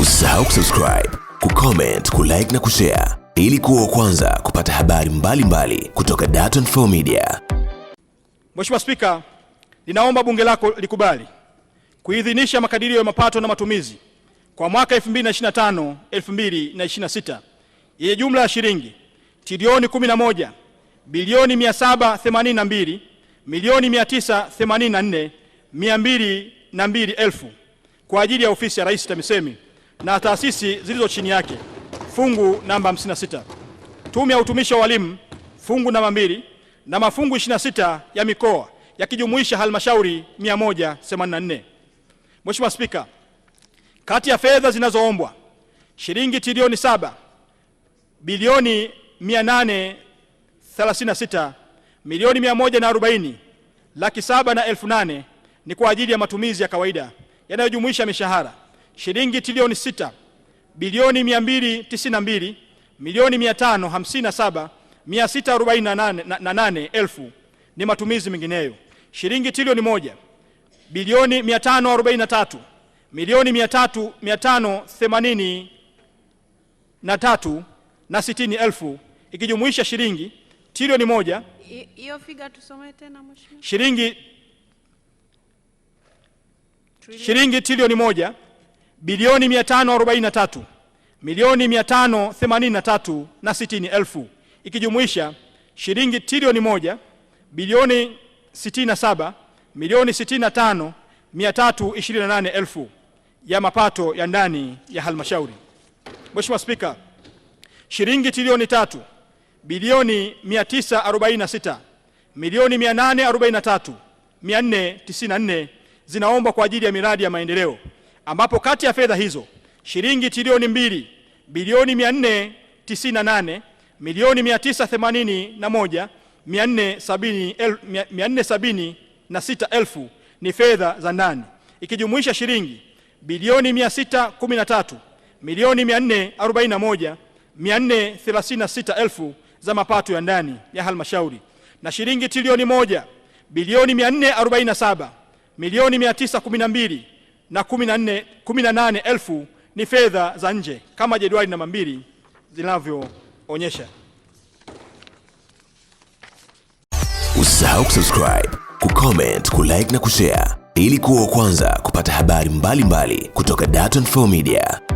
Usisahau kusubscribe, kucomment, kulike na kushare ili kuwa kwanza kupata habari mbalimbali mbali kutoka Dar24 Media. Mheshimiwa Spika, ninaomba bunge lako likubali kuidhinisha makadirio ya mapato na matumizi kwa mwaka 2025 2026 yenye jumla ya shilingi trilioni 11 bilioni 782 milioni 984 202 elfu kwa ajili ya ofisi ya Rais TAMISEMI na taasisi zilizo chini yake fungu namba 56, tume ya utumishi wa walimu fungu namba 2 na mafungu 26 ya mikoa yakijumuisha halmashauri 184. Mheshimiwa Spika, kati ya fedha zinazoombwa shilingi trilioni 7 bilioni 836 milioni 140 laki saba na elfu nane ni kwa ajili ya matumizi ya kawaida yanayojumuisha mishahara shilingi trilioni sita bilioni mia mbili mbili milioni mia mia tano saba sita na na nane, na nane elfu ni matumizi mengineyo. Shilingi trilioni moja bilioni mia tano na tatu milioni mia mia tatu tano themanini na tatu na sitini elfu ikijumuisha shilingi trilioni moja hiyo figa tusome tena mheshimiwa shilingi shilingi trilioni moja bilioni 543 milioni 583 na sitini elfu ikijumuisha shilingi trilioni moja bilioni 67 milioni 65 328 elfu ya mapato ya ndani ya halmashauri. Mheshimiwa Spika, shilingi trilioni tatu bilioni 946 milioni 843 494 zinaombwa kwa ajili ya miradi ya maendeleo ambapo kati ya fedha hizo shilingi trilioni mbili bilioni 498 milioni 981 476 elfu ni fedha za ndani ikijumuisha shilingi bilioni 613 milioni 441 436 elfu za mapato ya ndani ya halmashauri na shilingi trilioni moja bilioni 447 milioni 912 na 14 18,000 ni fedha za nje kama jedwali namba mbili zinavyoonyesha. Usisahau kusubscribe, kucomment, kulike na kushare ili kuwa wa kwanza kupata habari mbalimbali mbali kutoka Dar24 Media.